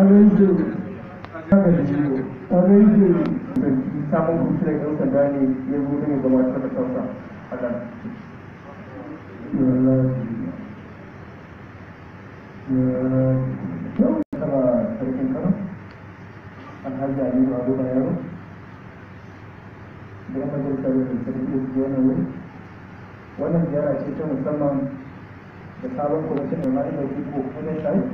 rage an rage zargi samun kusurin yan sanda ne ya zo ne gabatar da kansa a kan yau tara wuri wannan ziyara ce ta musamman da sabon kwamitin da ma'aikata ko kuma shayi